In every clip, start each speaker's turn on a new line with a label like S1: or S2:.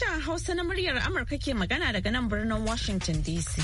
S1: Sashen Hausa na muryar Amurka ke magana daga nan birnin Washington DC.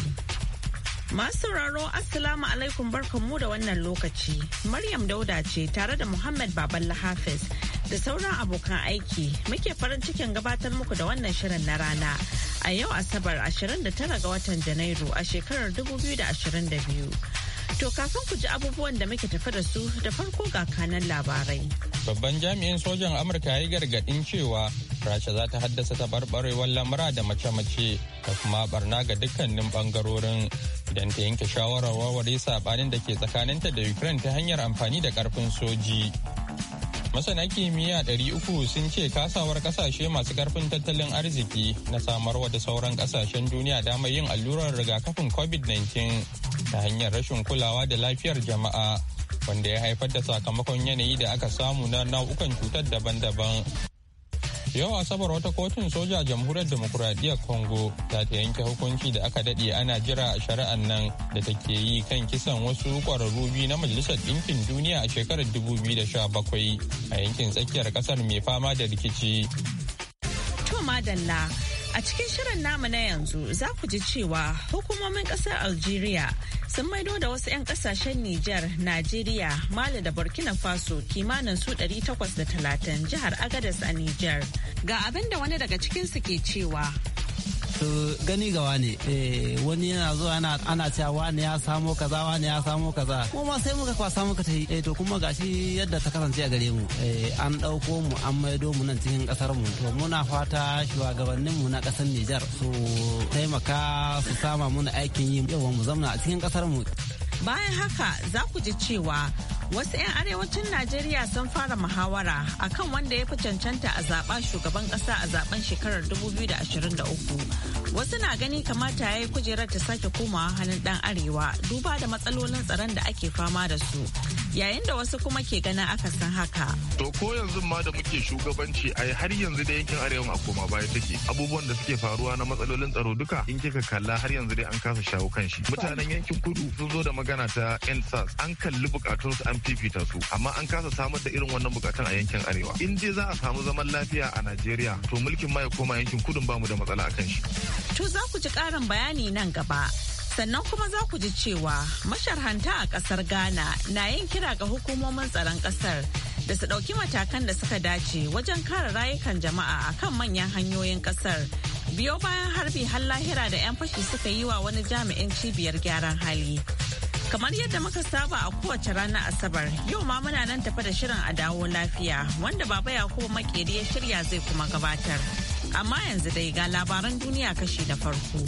S1: Masu sauraro Assalamu alaikum barkanmu da wannan lokaci. Maryam Dauda ce tare da Muhammad Baballa Hafiz da sauran abokan aiki muke farin cikin gabatar muku da wannan shirin na rana. A yau Asabar 29 ga watan Janairu a shekarar 2022. To kafin ku ji abubuwan da muke tafi da su da farko ga kanan labarai.
S2: Babban jami'in sojan Amurka ya yi gargaɗin cewa Rasha za ta haddasa tabarbarewar lamura da mace-mace da kuma barna ga dukkanin bangarorin idan ta yanke shawarar warware sabanin da ke tsakaninta da Ukraine ta hanyar amfani da karfin soji. Masana kimiyya ɗari uku sun ce kasawar kasashe masu karfin tattalin arziki na samarwa da sauran kasashen duniya damar yin allurar rigakafin COVID-19 ta hanyar rashin kulawa da lafiyar jama'a wanda ya haifar da sakamakon yanayi da aka samu na nau'ukan cutar daban-daban. Yau Asabar wata kotun soja jamhuriyar demokuraɗiyyar Congo ta ta yanke hukunci da aka daɗe ana jira a shari'ar nan da ta ke yi kan kisan wasu ƙwararru biyu na Majalisar Ɗinkin Duniya a shekarar 2017 a yankin tsakiyar ƙasar mai fama da rikici.
S1: To madalla A cikin shirin namu na yanzu za ku ji cewa hukumomin ƙasar Algeria sun maido da wasu 'yan ƙasashen Nijar, Najeriya, Mali da Burkina Faso kimanin su 830 jihar Agadas a Nijar. Ga abin da wani daga cikinsu ke cewa.
S3: to gani ga wane eh, wani yana zuwa ana cewa wane ya samo kaza wane ya samo kaza mu ma sai muka kwasa muka ta yi eh, to kuma gashi yadda ta kasance a gare mu eh, an ɗauko mu an maido mu nan cikin ƙasar mu to muna fata shugabannin mu na ƙasar Nijar su taimaka su sama muna aikin yi yau mu zamna a cikin ƙasar mu
S1: bayan haka za ku ji cewa Wasu 'yan arewacin Najeriya sun fara muhawara akan wanda ya fi cancanta a zaɓa shugaban ƙasa a zaben shekarar 2023 Wasu na gani kamata ya yi kujerar ta sake komawa hannun dan arewa duba da matsalolin tsaron da ake fama da su. Yayin da wasu kuma ke ganin san haka.
S4: To ko yanzu ma da muke shugabanci ai har yanzu da yankin arewa a koma baya take abubuwan da suke faruwa na matsalolin tsaro duka in kika kalla har yanzu dai an kasa shawo kan shi. Mutanen yankin kudu sun zo da magana ta ensas an kalli bukatun su an fifita su amma an kasa samar da irin wannan bukatun a yankin arewa. In dai za a samu zaman lafiya a Najeriya to mulkin ma ya koma yankin kudun bamu da matsala akan shi.
S1: To za ku ji ƙarin bayani nan gaba. Sannan kuma za ku ji cewa masharhanta a ƙasar Ghana na yin kira ga hukumomin tsaron ƙasar da su ɗauki matakan da suka dace wajen kare rayukan jama'a a kan manyan hanyoyin ƙasar. Biyo bayan harbi har lahira da 'yan fashi suka yi wa wani jami'in cibiyar gyaran hali. Kamar yadda muka saba a kowace ranar Asabar, yau ma muna nan tafa da shirin a dawo lafiya wanda Baba Yakubu Makeri ya shirya zai kuma gabatar. Amma yanzu dai ga labaran duniya kashi na farko.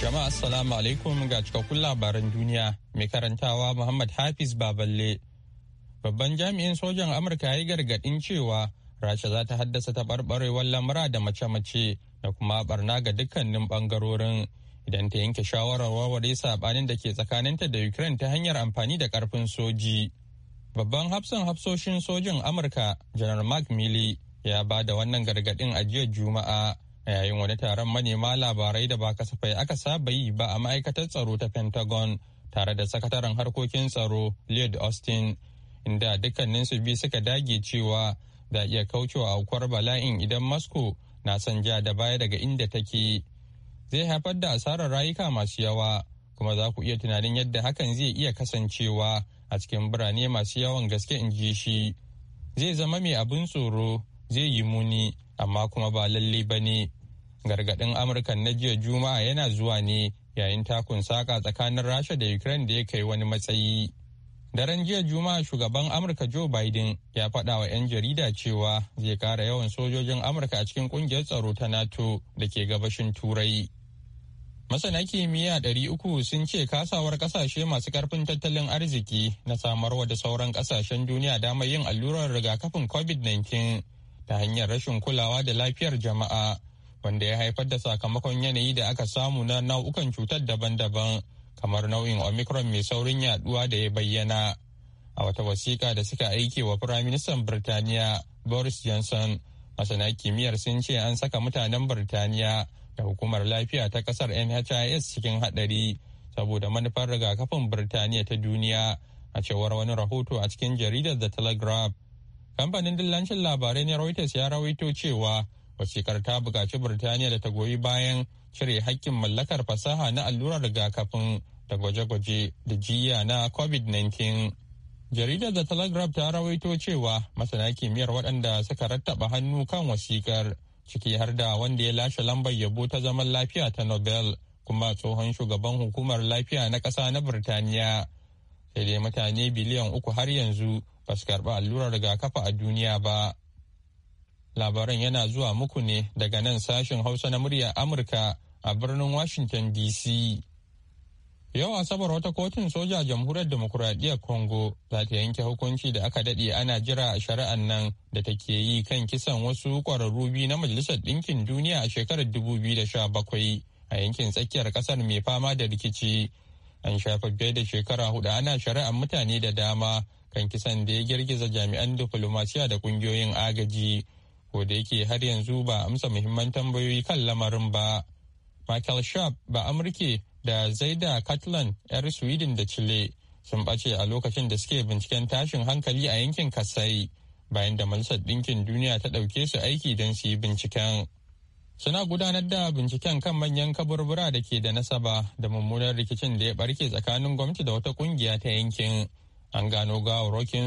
S2: Jama'a Assalamu alaikum ga cikakkun labaran duniya mai karantawa Muhammad Hafiz Baballe. Babban jami'in sojan Amurka ya yi gargaɗin cewa Rasha za ta haddasa taɓarɓarewar lamura da mace-mace da kuma barna ga dukkanin ɓangarorin. idan ta yanke shawarar warware sabanin da ke tsakaninta da ukraine ta hanyar amfani da karfin soji babban hafsan hafsoshin sojin amurka janar mark milley ya ba da wannan gargadin a jiya juma'a a yayin wani taron manema labarai da ba kasafai aka saba yi ba a ma'aikatar tsaro ta pentagon tare da sakataren harkokin tsaro lloyd austin inda dukkanin su biyu suka dage cewa da iya kaucewa aukuwar bala'in idan moscow na son ja da baya daga inda take zai haifar da asarar rayuka masu yawa kuma za ku iya tunanin yadda hakan zai iya kasancewa a cikin birane masu yawan gaske in ji shi zai zama mai abin tsoro zai yi muni amma kuma ba lalle ba ne gargaɗin amurka na jiya juma'a yana zuwa ne yayin takun saka tsakanin rasha da ukraine da ya kai wani matsayi daren jiya juma'a shugaban amurka joe biden ya faɗa wa 'yan jarida cewa zai kara yawan sojojin amurka a cikin ƙungiyar tsaro ta nato da ke gabashin turai Masana kimiyya ɗari uku sun ce kasawar kasashe masu ƙarfin tattalin arziki na samarwa da sauran ƙasashen duniya damar yin allurar rigakafin COVID-19 ta hanyar rashin kulawa da lafiyar jama'a wanda ya haifar da sakamakon yanayi da aka samu na nau'ukan cutar daban-daban kamar nau'in Omicron mai saurin yaduwa da ya bayyana. A wata wasiƙa da suka aike wa Firaministan Birtaniya Boris Johnson, masana kimiyyar sun ce an saka mutanen Birtaniya da hukumar lafiya ta kasar NHIS cikin haɗari saboda manufar rigakafin Birtaniya ta duniya a cewar wani rahoto a cikin jaridar The Telegraph. Kamfanin dillancin labarai ne Reuters ya rawaito cewa wasikar ta buƙaci Birtaniya da ta goyi bayan cire hakkin mallakar fasaha na allurar rigakafin da gwaje-gwaje da jiya na COVID-19. Jaridar The Telegraph ta rawaito cewa masana kimiyyar waɗanda suka rattaba hannu kan wasikar ciki har da wanda ya lashe lambar yabo ta zaman lafiya ta Nobel kuma tsohon shugaban hukumar lafiya na ƙasa na Birtaniya. Sai dai mutane biliyan uku har yanzu ba su karɓi allurar rigakafi a duniya ba. Labaran yana zuwa muku ne daga nan sashen Hausa na muryar Amurka a birnin Washington DC. Yau Asabar wata kotun soja jamhuriyar demokuraɗiyyar Congo za ta yanke hukunci da aka daɗe ana jira a shari'an nan da take yi kan kisan wasu ƙwararru biyu na Majalisar Ɗinkin Duniya a shekarar 2017 a yankin tsakiyar ƙasar mai fama da rikici. An shafa fiye da shekara hudu ana shari'ar mutane da dama kan kisan da ya girgiza jami'an diflomasiya da ƙungiyoyin agaji. Ko da yake har yanzu ba amsa muhimman tambayoyi kan lamarin ba. Michael Sharp ba Amurke da Zaida Catalan 'yar Sweden da Chile sun bace a lokacin da suke binciken tashin hankali a yankin Kasai bayan da Majalisar Ɗinkin Duniya ta ɗauke su aiki don su yi binciken. Suna gudanar da binciken kan manyan kaburbura da ke da nasaba da mummunar rikicin da ya barke tsakanin gwamnati da wata ƙungiya ta yankin. An gano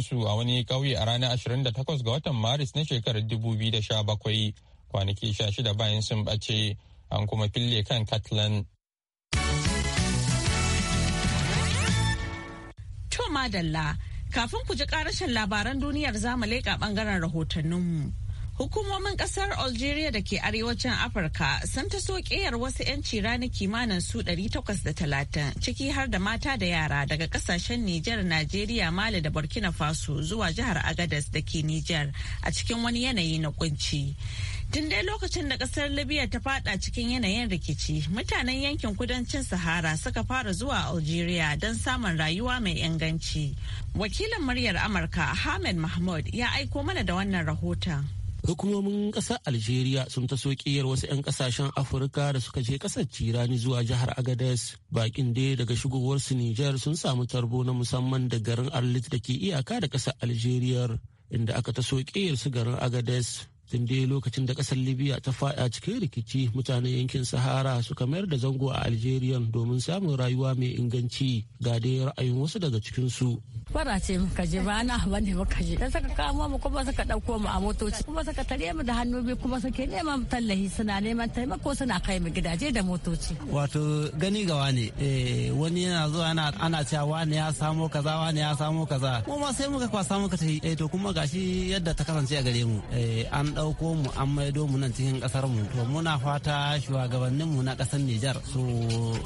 S2: su a wani ƙauye a ranar 28 ga watan Maris na shekarar 2017 kwanaki 16 bayan sun ɓace. an kuma fille kan Catalan.
S1: To madalla, kafin ku ji karashin labaran duniyar zamu leƙa ɓangaren rahotanninmu. Hukumomin kasar Algeria da ke arewacin Afirka sun ta so ƙeyar wasu 'yanci rana kimanin su 830 ciki har da mata da yara daga kasashen Nijar, Najeriya, Mali da Burkina Faso zuwa jihar Agadez da ke Nijar a cikin wani yanayi na kunci. Tun dai lokacin da kasar Libya ta fada cikin yanayin rikici, mutanen yankin kudancin Sahara suka fara zuwa Algeria don samun rayuwa mai inganci. Wakilin muryar Amurka Ahmed Mahmud ya aiko mana da wannan rahoton.
S3: Hukumomin ƙasar Algeria sun ta sokiyar wasu 'yan ƙasashen Afirka da suka je ƙasar Cirani zuwa jihar Agadez. Bakin dai daga su Niger sun samu tarbo na musamman da garin Arlit da ke iyaka da ƙasar Algeria inda aka ta sokiyar su garin Agadez. tun dai lokacin da kasar libya ta fada cikin rikici mutanen yankin sahara suka mayar da zango a algeria domin samun rayuwa mai inganci ga dai ra'ayin wasu daga cikinsu
S1: fara ce muka je ba na ba ne muka je suka kamo mu kuma suka dauko mu a motoci kuma suka tare mu da hannu biyu kuma suke neman tallahi suna neman taimako suna kai mu gidaje da motoci
S3: wato gani ga wani eh, wani yana zuwa ana ana cewa wani ya samo kaza wani ya samo kaza mu ma sai muka kwasa muka tai eh to kuma gashi yadda ta kasance a gare mu eh, an ɗauko mu an maido mu nan cikin ƙasar mu to muna fata shugabannin mu na ƙasar Nijar su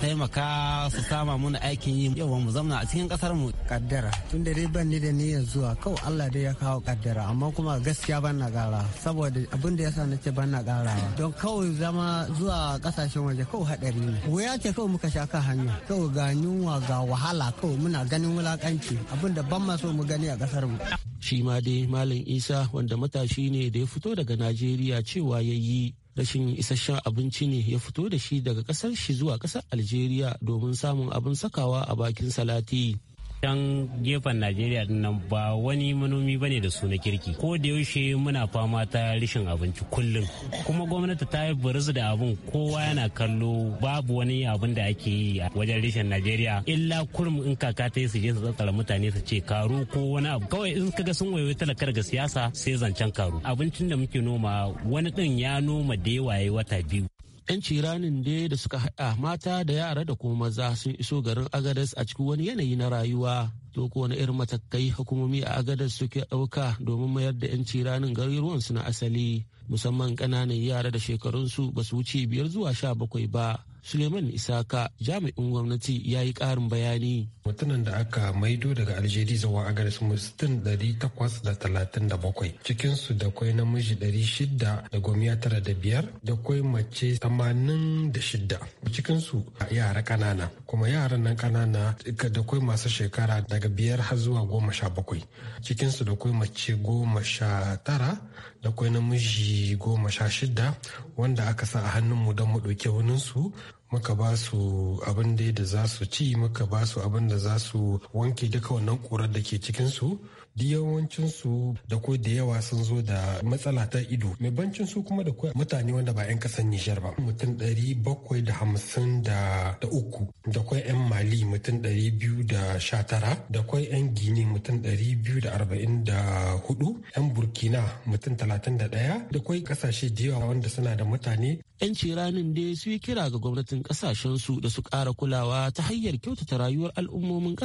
S3: taimaka su sama muna aikin yi yawa mu zamna a cikin ƙasar mu kaddara da dai ban ni da niyyar zuwa kawai Allah dai ya kawo kaddara amma kuma gaskiya ban na gara saboda abin da yasa nace ban na gara. don kawai zama zuwa kasashen waje kawai hadari ne wuya ce kawai muka sha ka hanya kawai ga yunwa ga wahala kawai muna ganin wulakanci abin da ban ma so mu gani a kasar mu shi ma dai malam isa wanda matashi ne da ya fito daga najeriya cewa ya yi rashin isasshen abinci ne ya fito da shi daga kasar shi zuwa kasar algeria domin samun abin sakawa a bakin salati can gefen najeriya nan ba wani manomi bane da su na kirki ko da yaushe
S5: muna fama ta rashin abinci kullum kuma gwamnati ta yi buruz da abin kowa yana kallo babu wani abin da ake yi a wajen rashin najeriya illa kurum in kaka ta yi su je su tsatsara mutane su ce karu ko wani abu kawai in kaga sun waiwai talakar ga siyasa sai zancen
S3: karu abincin da muke noma wani din ya noma da yawa wata biyu 'yan ciranin da da suka haɗa mata da yara da kuma maza sun iso garin agadas a cikin wani yanayi na rayuwa to ko wani irin matakai hukumomi a agadas suke ɗauka domin mayar da 'yan ciranin garuruwan su na asali musamman ƙananan yara da shekarunsu ba su wuce biyar zuwa sha bakwai ba suleiman isaka jami'in gwamnati ya yi ƙarin bayani
S6: mutumin da aka maido daga aljeri zuwa agaris mutum 837 cikinsu da kwai namiji shida da tara da da biyar, kwai mace 86 cikinsu yara kanana kuma yaran nan kanana da kwai masu shekara daga biyar har zuwa goma sha bakwai cikinsu da kwai mace goma sha tara da kwai namiji goma sha shida wanda aka sa a hannunmu don mu ɗauki wuninsu muka ba su abin da za su ci muka ba su abin da za su wanke duka wannan ƙurar da ke cikinsu da yawancin su da ko da yawa sun zo da matsala ta ido mai bancin su kuma da kwai mutane wanda ba 'yan kasan Nijar ba mutum ɗari bakwai da hamsin da uku da kwai 'yan Mali mutum ɗari biyu da sha tara da kwai 'yan Gini mutum ɗari biyu da arba'in da hudu 'yan Burkina mutum talatin da ɗaya da kwai ƙasashe da yawa wanda suna da mutane
S3: 'yan ranin dai su yi kira ga gwamnatin su da su ƙara kulawa ta hanyar kyautata rayuwar al'ummomin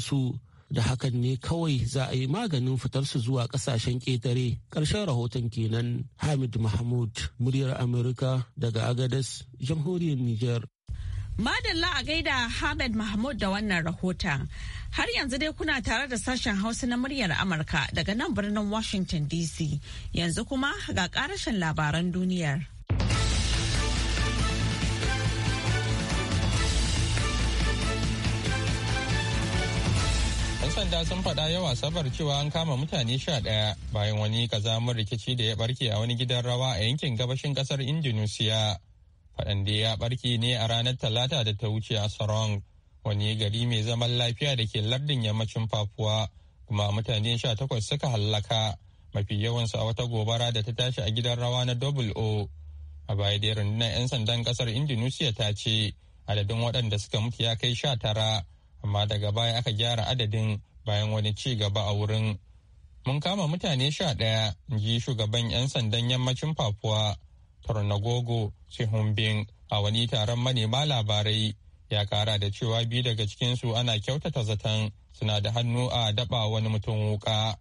S3: su da hakan ne kawai za a yi maganin fitar su zuwa kasashen ƙetare ƙarshen rahoton kenan hamid mahmud muryar amurka daga agadas jamhuriyar niger
S1: madalla a gaida hamid mahmud da wannan rahoton har yanzu dai kuna tare da sashen hausa na muryar amurka daga nan birnin washington dc yanzu kuma ga ƙarashin labaran duniyar
S2: sanda sun faɗa yawa sabar cewa an kama mutane sha ɗaya bayan wani kazamin rikici da ya barke a wani gidan rawa a yankin gabashin ƙasar Indonesia. Faɗan da ya barke ne a ranar Talata da ta wuce a Sarong, wani gari mai zaman lafiya da ke lardin yammacin Papua, kuma mutane sha takwas suka hallaka, mafi yawansu a wata gobara da ta tashi a gidan rawa na Double O. A baya da rundunar 'yan sandan ƙasar Indonesia ta ce adadin waɗanda suka mutu ya kai sha tara, amma daga baya aka gyara adadin bayan wani ci gaba a wurin mun kama mutane sha ɗaya ji shugaban 'yan sandan yammacin papua tornagogo sihumbin a wani taron manema labarai ya kara da cewa biyu daga cikinsu ana kyautata zaton suna da hannu a daɓa wani mutum wuka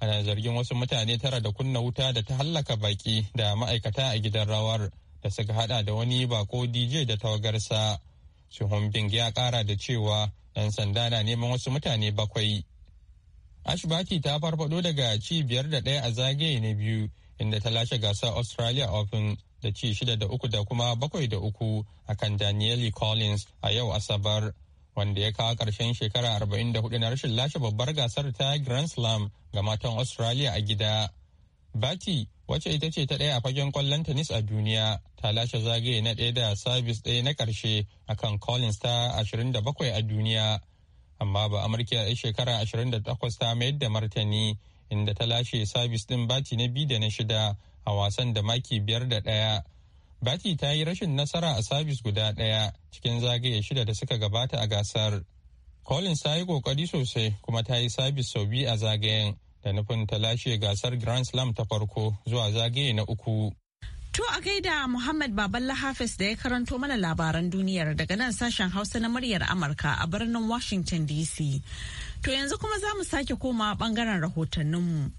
S2: ana zargin wasu mutane tara da kunna wuta da ta hallaka baki da ma'aikata a gidan rawar da suka hada da wani bako dj da tawagarsa sihumbin ya kara da cewa 'yan sanda na neman wasu mutane bakwai ashbaki ta farfado daga ci biyar da ɗaya a zagaye na biyu inda ta lashe gasar australia open da ci shida da uku da kuma bakwai da uku a kan danielle collins a yau asabar wanda ya kawo ƙarshen shekara 44 na rashin lashe babbar gasar ta grand slam ga matan australia a gida Bati wacce ita ce ta ɗaya a fagen kwallon tennis a duniya ta lashe zagaye na ɗaya da sabis ɗaya na ƙarshe akan Collins ta 27 a duniya. Amma ba Amurka ya shekara 28 ta mayar da martani inda ta lashe sabis ɗin bati na biyu da na shida a wasan da maki biyar da ɗaya. Bati ta yi rashin nasara a sabis guda ɗaya cikin zagaye shida da suka gabata a gasar. Collins ta yi ƙoƙari sosai kuma ta yi sabis sau biyu a zagayen da nufin ta lashe gasar Grand Slam ta farko zuwa zagaye na uku.
S1: To a gaida Muhammad Baballa Hafiz da ya karanto mana labaran duniyar daga nan sashen Hausa na muryar Amurka a birnin Washington DC. To yanzu kuma za mu sake koma bangaren rahotanninmu.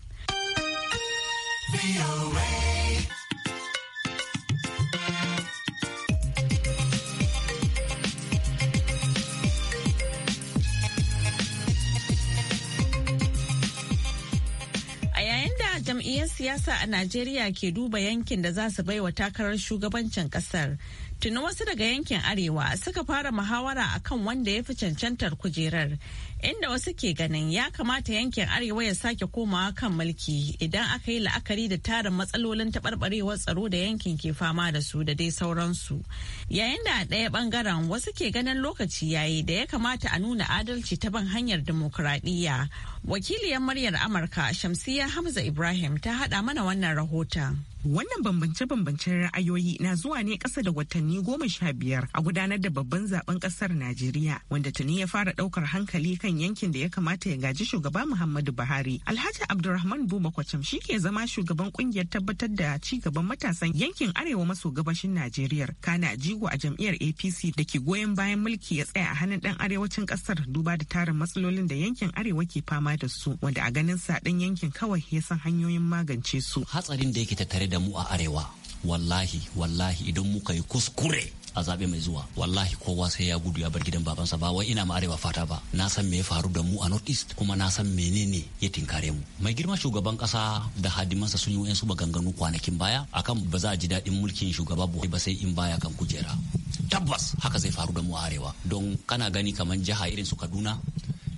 S1: siyasa a Najeriya ke duba yankin da za su baiwa takarar shugabancin kasar tuni wasu daga yankin arewa suka fara muhawara akan wanda ya fi cancantar kujerar inda wasu ke ganin ya kamata yankin arewa ya sake komawa kan mulki idan aka yi la'akari da tarin matsalolin taɓarɓarewar tsaro da yankin ke fama da su da dai sauransu yayin da a ɗaya ɓangaren wasu ke ganin lokaci yayi da ya kamata a nuna adalci ta ban hanyar dimokuraɗiyya wakiliyar muryar amurka shamsiyya hamza ibrahim ta haɗa mana
S7: wannan rahoton Wannan bambance-bambancen ra'ayoyi na zuwa ne ƙasa da watanni goma sha biyar a gudanar da babban zaben ƙasar Najeriya wanda tuni ya fara ɗaukar hankali kan yankin da ya kamata ya gaji shugaba Muhammadu Buhari. Alhaji Abdulrahman Buba Kwacham shi ke zama shugaban ƙungiyar tabbatar da ci gaban matasan yankin arewa maso gabashin Najeriya. Kana jigo a jam'iyyar APC da ke goyon bayan mulki ya tsaya a hannun ɗan arewacin ƙasar duba da tarin matsalolin da yankin arewa ke fama da su wanda a ganin sa ɗan yankin kawai ya san hanyoyin magance su. Hatsarin da yake tattare da da mu a arewa
S5: wallahi wallahi idan muka yi kuskure a zaɓe mai zuwa wallahi kowa sai ya gudu ya bar gidan babansa ba wai ina ma arewa fata ba na san me ya faru da mu a north east kuma na san menene ya tinkare mu mai girma shugaban ƙasa da hadimansa sun yi wa'yansu maganganu kwanakin baya akan ba za a ji daɗin mulkin shugaba buhari ba sai in baya kan kujera tabbas haka zai faru da mu a arewa don kana gani kamar jiha irin su kaduna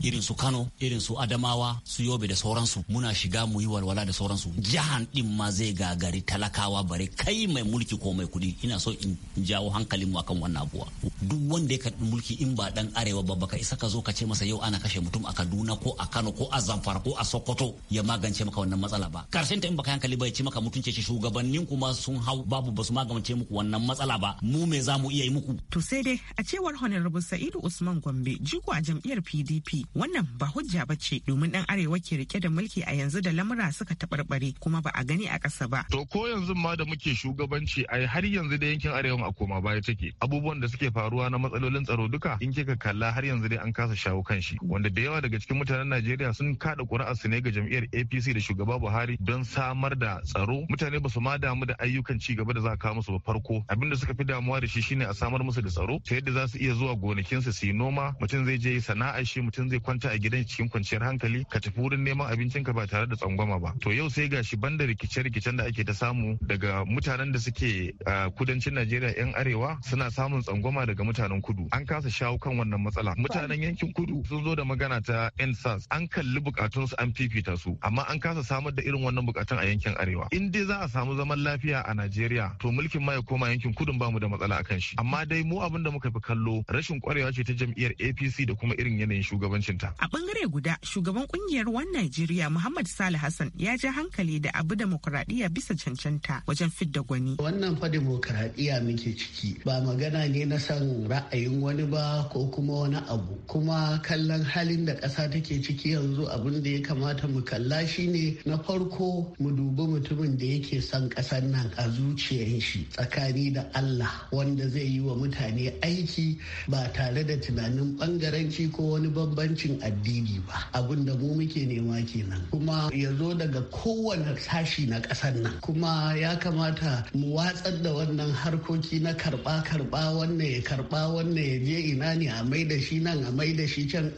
S5: irin su Kano irin su Adamawa su Yobe da sauransu muna shiga mu yi walwala da sauransu jihan din ma zai gagari talakawa bare kai mai mulki ko mai kudi ina so in jawo hankalin mu akan wannan abuwa duk wanda ya karbi mulki in ba dan arewa ba baka isa ka zo ka ce masa yau ana kashe mutum a Kaduna ko a Kano ko a Zamfara ko a Sokoto ya magance maka wannan matsala ba karshen ta in baka hankali ba ya ce maka mutunce shi shugabannin kuma sun hau babu basu magance muku wannan matsala ba mu me za mu iya yi
S7: muku to sai dai a cewar honorable Sa'idu Usman Gombe jigo a jam'iyyar PDP wannan ba hujja ba ce domin dan arewa ke rike da mulki a yanzu da lamura suka taɓarɓare kuma ba a gani a
S4: ƙasa ba. To ko yanzu ma da muke shugabanci ai har yanzu da yankin arewa a koma baya take abubuwan da suke faruwa na matsalolin tsaro duka in kika kalla har yanzu dai an kasa shawo kan shi wanda da yawa daga cikin mutanen Najeriya sun kada ƙuri'ar su ne ga jam'iyyar APC da shugaba Buhari don samar da tsaro mutane ba su ma damu da ayyukan ci gaba da za a kawo musu ba farko abinda suka fi damuwa da shi shine a samar musu da tsaro ta yadda za su iya zuwa gonakin su su noma mutum zai je sana'a shi mutum zai kwanta a gidan cikin kwanciyar hankali ka tafi wurin neman abincin ka ba tare da tsangwama ba to yau sai gashi banda rikice-rikicen da ake ta samu daga mutanen da suke kudancin Najeriya yan arewa suna samun tsangwama daga mutanen kudu an kasa shawo kan wannan matsala mutanen yankin kudu sun zo da magana ta NSAS an kalli bukatun su an fifita su amma an kasa samar da irin wannan bukatun a yankin arewa in dai za a samu zaman lafiya a Najeriya to mulkin ma ya koma yankin kudun bamu da matsala akan shi amma dai mu abin da muka fi kallo rashin kwarewa ce ta jam'iyyar APC da kuma irin yanayin shugabanci hukuncinta. A
S7: bangare guda shugaban kungiyar wani najeriya Muhammad Salih Hassan ya ja hankali da abu demokuraɗiyya
S3: bisa cancanta wajen fidda gwani. Wannan fa demokuraɗiyya muke ciki ba magana ne na san ra'ayin wani ba ko kuma wani abu kuma kallon halin da ƙasa take ciki yanzu abin da ya kamata mu kalla shi ne na farko mu dubi mutumin da yake son ƙasar nan a zuciyar shi tsakani da Allah wanda zai yi wa mutane aiki ba tare da tunanin bangaranci ko wani bambanci bambancin addini ba abin da mu muke nema kenan kuma ya zo daga kowane sashi na ƙasar nan kuma ya kamata mu watsar da wannan harkoki na karɓa karba wannan ya karba wannan ya je ina ne a mai da shi nan a mai da shi can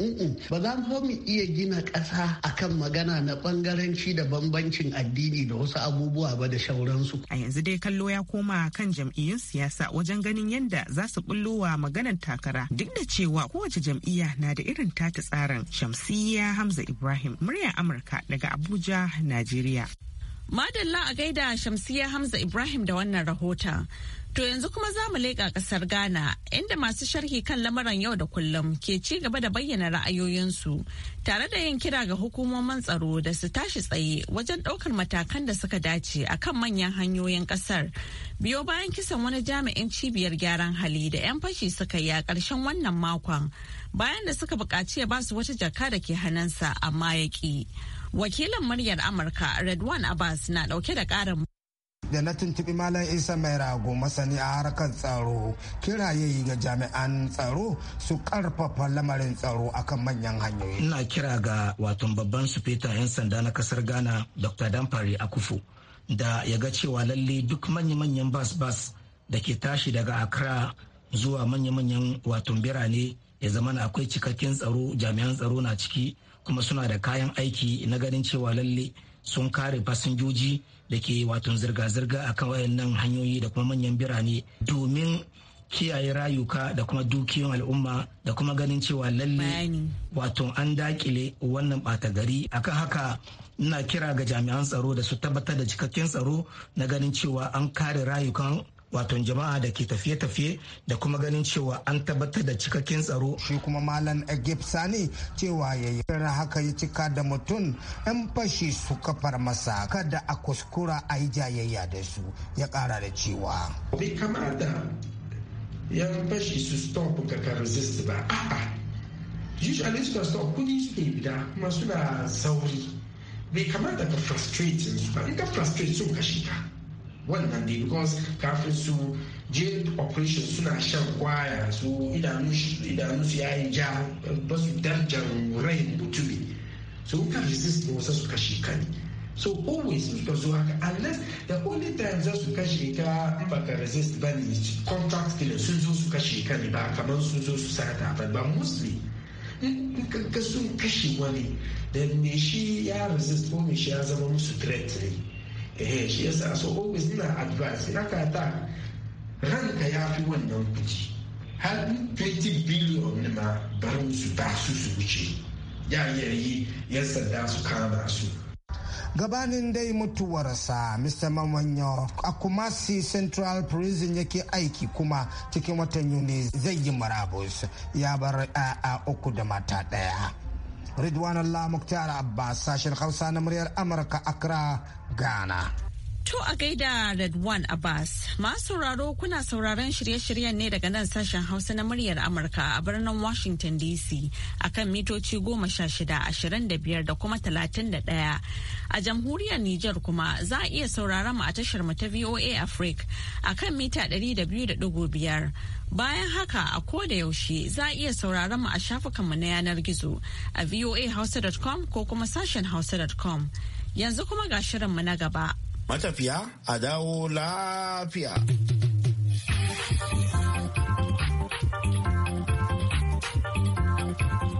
S3: ba za mu iya gina ƙasa akan magana na bangaranci da bambancin addini da wasu abubuwa ba da shauransu. A yanzu
S7: dai kallo ya koma kan jam'iyyun siyasa wajen ganin yadda za su bullo wa maganar takara duk da cewa kowace jam'iyya na da irin tata tsarin Shamsiyya Hamza Ibrahim murya Amurka daga Abuja, Najeriya.
S1: Madalla a gaida Shamsiyya Hamza Ibrahim da wannan rahota. To yanzu kuma za mu leƙa ƙasar Ghana inda masu sharhi kan lamuran yau da kullum ke ci gaba da bayyana ra'ayoyinsu tare da yin kira ga hukumomin tsaro da su tashi tsaye wajen ɗaukar matakan da suka dace akan manyan hanyoyin ƙasar. Biyo bayan kisan wani jami'in cibiyar gyaran hali da 'yan fashi suka yi a ƙarshen wannan makon bayan da suka buƙaci ya basu wata jaka da ke hannunsa amma ya ƙi. Wakilin muryar Amurka Redwan Abbas na ɗauke da
S8: ƙarin da na tuntuɓi malam isa mai rago masani a harkar tsaro kiraye ga jami'an tsaro su karfafa lamarin tsaro akan manyan hanyoyi ina kira
S3: ga watan babban sufeta 'yan sanda na kasar ghana dr damfari akufu da ya ga cewa lalle duk manya-manyan bas-bas da ke tashi daga accra zuwa manya-manyan watan birane ya zama na akwai cikakken tsaro jami'an tsaro na ciki kuma suna da kayan aiki na ganin cewa lalle sun kare fasinjoji da ke wato zirga-zirga a kan wayannan hanyoyi da kuma manyan birane domin kiyaye rayuka da kuma dukiyoyin al'umma da kuma ganin cewa lalle wato an dakile wannan ɓata gari akan haka ina kira ga jami'an tsaro da su tabbatar da cikakken tsaro na ganin cewa an kare rayukan wato jama'a da ke tafiye-tafiye da kuma ganin cewa an tabbatar da cikakken tsaro. Shi kuma Malam Agib Sani cewa ya yi
S8: haka ya cika da mutum 'yan fashi su kafar masa kada a kuskura a
S6: yi jayayya da su ya kara da cewa. Bai kama da 'yan fashi su stop ka resist ba Usually suna stop kudi ne bida kuma suna sauri. Bai ka frustrate su ba in ka frustrate sun kashi ka. wannan dai because kafin su je operation suna shan kwaya su idanu su yayi ja ba su rai mutumi so kan resist ne wasu su kashe kai so always ka zo haka unless the only time za su kashe ka in ka resist ba ne contract killer sun zo su kashe ka ne ba kamar sun zo su sata ba ba mostly ka sun kashe wani da me shi ya resist ko me shi ya zama musu threat ne eh shi yasa so always ina advice ina ka ta ranka ya fi wannan kuɗi har 20 billion ma barin su ba su su wuce ya yi yan sanda su kama su
S8: gabanin dai mutuwarsa mr mamanyo a kumasi central prison yake aiki kuma cikin watan yuni zai yi marabus ya bar a uku da mata daya Ridwan Allah Muktar Abbas sashen Hausa na muryar Amurka Accra,
S3: Ghana.
S1: To a gaida Redwan Abbas, masu sauraro kuna sauraron shirye-shiryen ne daga nan sashen Hausa na muryar Amurka a birnin Washington DC akan mitoci goma sha shida ashirin da biyar da kuma talatin da ɗaya. A jamhuriyar Nijar kuma za a iya sauraron mu a tashar mu ta VOA Africa akan mita ɗari da biyu da ɗigo biyar. Bayan haka a ko da yaushe za a iya sauraron mu a shafukanmu na yanar gizo a voahausa.com ko kuma sashen hausa.com. Yanzu kuma ga shirin mu na gaba.
S8: Matafiya a dawo lafiya.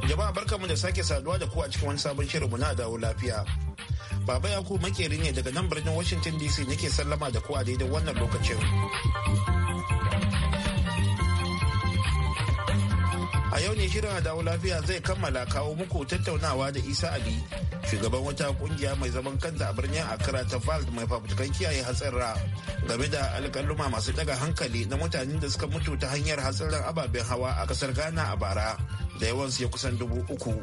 S8: Jama'a barkamu da sake saduwa da ku a cikin wani sabon shirinmu na dawo lafiya. Baba Yakubu makerin ne daga nan birnin Washington DC nake sallama da ku a daidai wannan lokacin. a yau ne shirin a dawo lafiya zai kammala kawo muku tattaunawa da isa ali shugaban wata kungiya mai zaman kanta a birnin akara ta vald mai fafutukan kiyaye hatsarra game da alƙaluma masu daga hankali na mutanen da suka mutu ta hanyar hatsarin ababen hawa a ƙasar ghana a bara da yawansu ya kusan dubu uku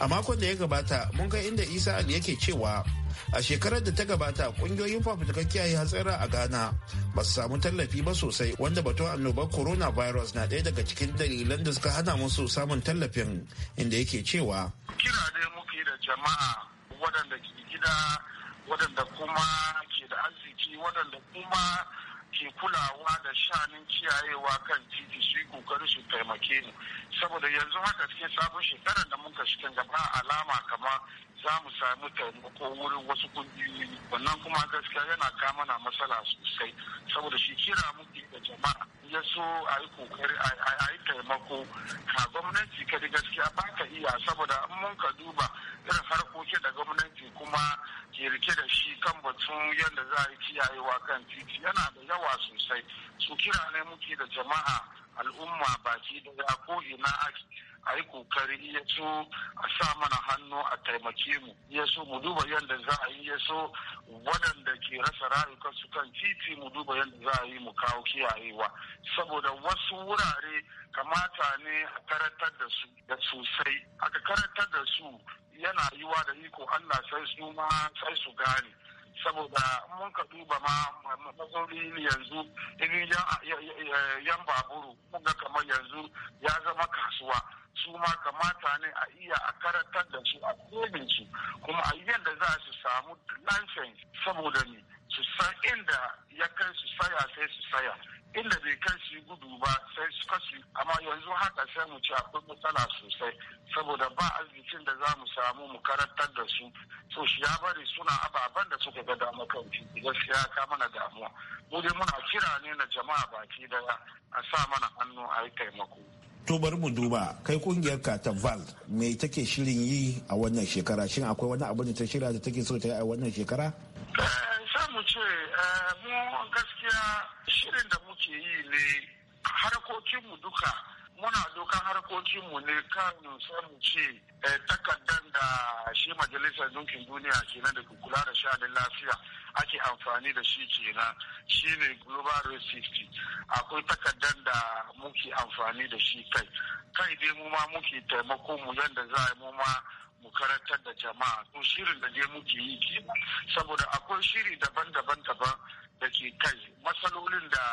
S8: a makon da ya gabata mun kai inda isa ali yake cewa a shekarar da ta gabata kungiyoyin fafutukakkiya kiyaye hatsara a ghana ba su samu tallafi ba sosai wanda batun annobar coronavirus na ɗaya daga cikin dalilan da suka hana musu samun tallafin inda yake cewa
S9: kira da muke da jama'a waɗanda ke gida waɗanda kuma ke da arziki waɗanda kuma ke kulawa da shanun kiyayewa kan titi su yi kokari su taimake ni, saboda yanzu haka cikin sabon shekarar da muka shi da ba alama kamar. za mu sami taimako wurin wasu kungiyoyi wannan kuma gaskiya yana kama na matsala sosai saboda shi kira muke da jama'a ya so a yi kokari a yi taimako a gwamnati kadi gaskiya ba ka iya saboda in mun ka duba irin harkokin da gwamnati kuma ke rike da shi kan batun yadda za a yi kiyayewa kan titi yana da yawa sosai su kira ne muke da jama'a al'umma baki da ko ina ake a yi kokari iya so a sa mana hannu a taimake mu iya so mu duba yadda za a yi iya so waɗanda ke rasa rayuka su kan titi mu duba yadda za a yi mu kawo kiyayewa saboda wasu wurare kamata ne a karantar da su da sosai aka karantar da su yana yiwa da iko Allah sai su ma sai su gane saboda mun ka duba ma mazauni yanzu irin yan baburu muga kamar yanzu ya zama kasuwa su ma kamata ne a iya a karantar da su a kodin su kuma a yadda za su samu lansen saboda ne su san inda ya kai su saya sai su saya inda bai kai su gudu ba sai su kashe amma yanzu haka sai mu ci akwai matsala sosai saboda ba arzikin da za mu samu mu karantar da su so shi ya bari suna ababen da suka ga dama kan gaskiya ka mana damuwa mu dai muna kira ne na jama'a baki daya a sa mana hannu a yi taimako
S8: to bari mu duba kai kungiyar ka ta val me take shirin yi a wannan shekara shin akwai wani abu da ta shirya da take so ta yi a wannan shekara eh,
S9: ce eh, mu gaskiya shirin da muke yi ne harkokinmu duka muna dokan harkokinmu ne kan samu ce eh, takardar da shi majalisar dunkin duniya kenan da kula da sha'anin lafiya ake amfani da shi kenan ne global recipe akwai takardar da muke amfani da shi kai kai dai mu ma muke taimako mu yadda za a mu ma mu karantar da jama'a to shirin da ne muke yi ke saboda akwai shiri daban-daban daban da ke kai matsalolin da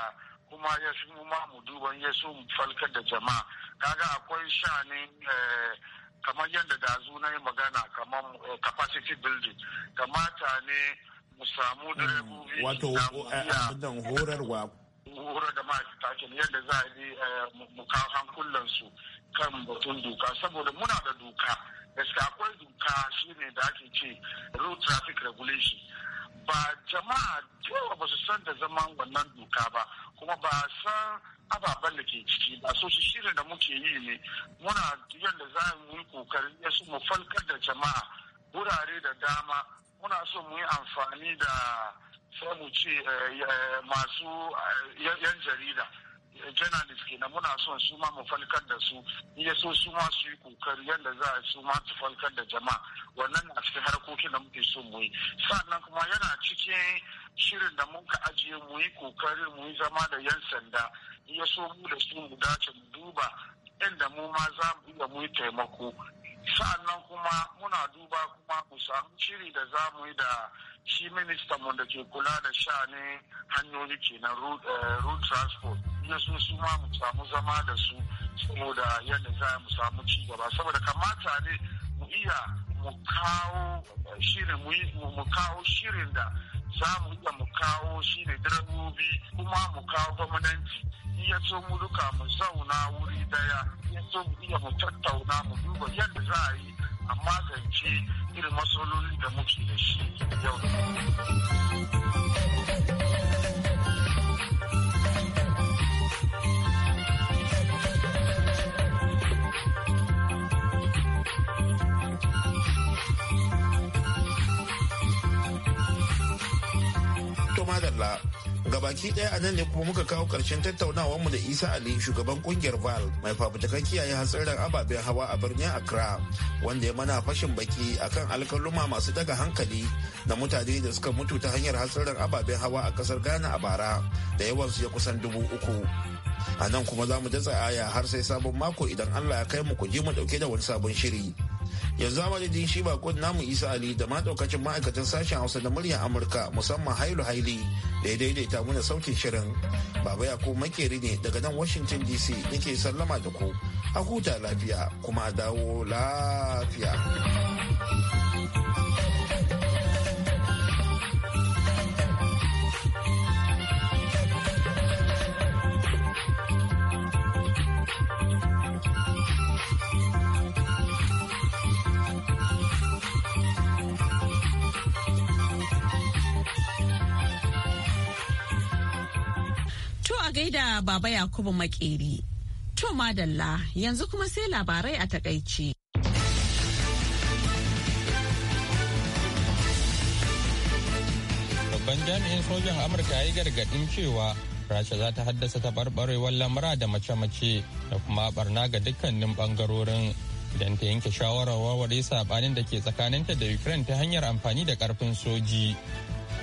S9: kuma ya fi ma mu duba ya so mu falkar da jama'a kaga akwai shanin eh, kamar yadda da na yi magana kamar eh, capacity building kamata ne mu samu direbobi mm, wato eh, horarwa horar da ma'aikata yadda za a yi mu kawo hankulansu kan batun doka saboda muna da doka gaske akwai doka shine da ake ce road traffic regulation ba jama'a yawa ba su san da zaman wannan doka ba kuma ba san ababen da ke ciki ba so su shirin da muke yi ne muna yadda za mu yi kokari ya su mu falkar da jama'a wurare da dama muna so mu yi amfani da samu ce eh, eh, masu eh, yan jarida journalist kenan muna son su ma mu falkar da su ya so su ma su yi kokari yadda za a su ma su falkar da jama'a wannan a cikin harkokin da muke so mu yi sannan kuma yana cikin shirin da mun ka ajiye mu yi kokari mu yi zama da yan sanda ya so mu da su mu dace mu duba inda mu ma za mu iya mu yi taimako sa'annan kuma muna duba kuma ku samu shiri da za mu yi da shi ministan mu da ke kula da sha ne hanyoyi kenan road eh, transport ya so su ma mu samu zama da su saboda yadda za mu samu ci gaba saboda kamata ne mu iya mu kawo shirin mu kawo shirin da za mu iya mu kawo shi ne direbobi kuma mu kawo gwamnati iya so mu duka mu zauna wuri daya iya so mu iya mu tattauna mu duba yadda za a yi a magance irin matsaloli da muke da shi yau da
S8: Allah. Gabaki ɗaya a nan ne kuma muka kawo ƙarshen mu da Isa Ali shugaban kungiyar VAL mai fafutukan kiyaye hatsarin ababen hawa a birnin Accra wanda ya mana fashin baki akan alkaluma masu daga hankali da mutane da suka mutu ta hanyar hatsarin ababen hawa a ƙasar Ghana a bara da yawan su ya kusan dubu uku. A nan kuma za mu datsa aya har sai sabon mako idan Allah ya kai mu ku ji mu ɗauke da wani sabon shiri. yanzu a madadin shi bakon namu isa ali da ma daukacin ma'aikatan sashen hausa da muryar amurka musamman hailu haili da ya daidaita muna sautin shirin baba ya makeri ne daga nan washington dc nake sallama da ku a huta lafiya kuma dawo lafiya
S1: Baba Yakubu Makeri. To madalla yanzu kuma sai labarai a takaici.
S2: Babban jami'in sojan Amurka ya yi gargaɗin cewa Rasha za ta haddasa taɓarɓarewar lamura da mace-mace da kuma barna ga dukkanin ɓangarorin idan ta yanke shawarar warware saɓanin da ke tsakaninta da Ukraine ta hanyar amfani da ƙarfin soji.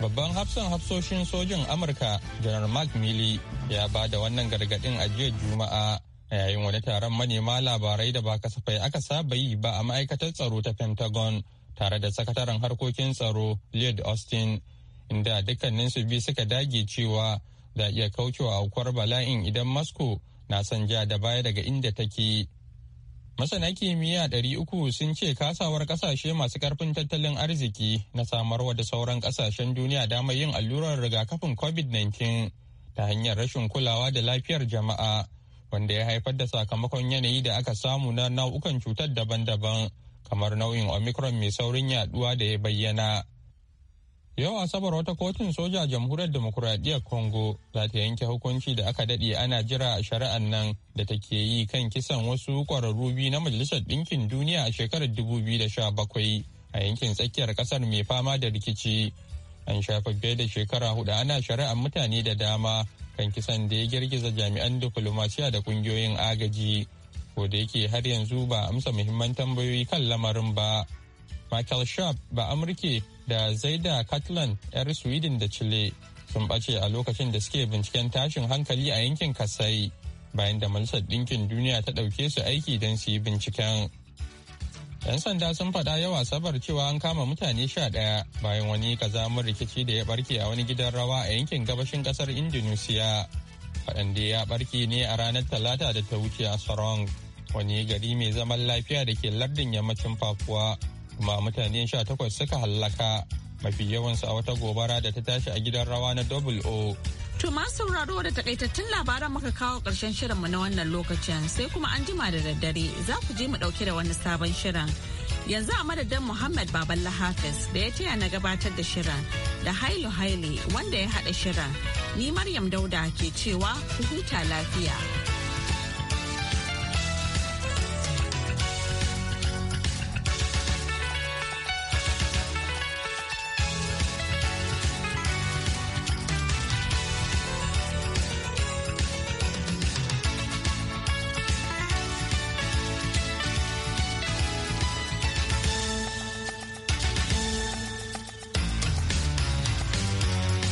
S2: Babban hafsan hafsoshin sojin Amurka, Janar Mark Milley, ya ba da wannan gargaɗin a Juma'a a yayin wani taron manema labarai da ba kasafai aka saba yi ba a ma'aikatar tsaro ta Pentagon tare da sakataren harkokin tsaro Lloyd Austin, inda dukkaninsu biyu suka dage cewa za iya kaucewa aukuwar bala'in idan Moscow na son ja da baya daga inda take. Masana kimiyya ɗari uku sun ce kasawar ƙasashe masu ƙarfin tattalin arziki na samarwa da sauran ƙasashen duniya damar yin allurar rigakafin COVID-19 ta hanyar rashin kulawa da lafiyar jama'a wanda ya haifar da sakamakon yanayi da aka samu na nau'ukan cutar daban-daban kamar nau'in Omicron mai saurin yaduwa da ya bayyana. Yau Asabar wata kotun soja jamhuriyar demokuraɗiyyar Congo za ta yanke hukunci da aka daɗe ana jira a shari'ar nan da ta ke yi kan kisan wasu ƙwararru biyu na Majalisar Ɗinkin Duniya a shekarar 2017 a yankin tsakiyar ƙasar mai fama da rikici. An shafa fiye da shekara hudu ana shari'ar mutane da dama kan kisan da ya girgiza jami'an diflomasiya da ƙungiyoyin agaji. Ko da yake har yanzu ba amsa muhimman tambayoyi kan lamarin ba. Michael Sharp ba Amurke da zaida catalan 'yar sweden da chile sun ɓace a lokacin da suke binciken tashin hankali a yankin kasai bayan da majalisar ɗinkin duniya ta ɗauke su aiki don su yi binciken 'yan sanda sun faɗa yawa sabar cewa an kama mutane sha ɗaya bayan wani kazamin rikici da ya barke a wani gidan rawa a yankin gabashin ƙasar indonesia da ya barke ne a ranar talata da ta wuce a sarong wani gari mai zaman lafiya da ke lardin yammacin papua kuma mutane sha suka hallaka mafi yawansu a wata gobara da ta tashi a gidan rawa na double o
S1: To masu sauraro da takaitattun labaran muka kawo ƙarshen shirinmu na wannan lokacin sai kuma an jima da daddare za ku je mu ɗauki da wani sabon shirin. Yanzu a madadin Muhammad Baballa Hafiz da ya taya na gabatar da shirin da Hailu Haile wanda ya haɗa shirin. Ni Maryam Dauda ke cewa ku huta lafiya.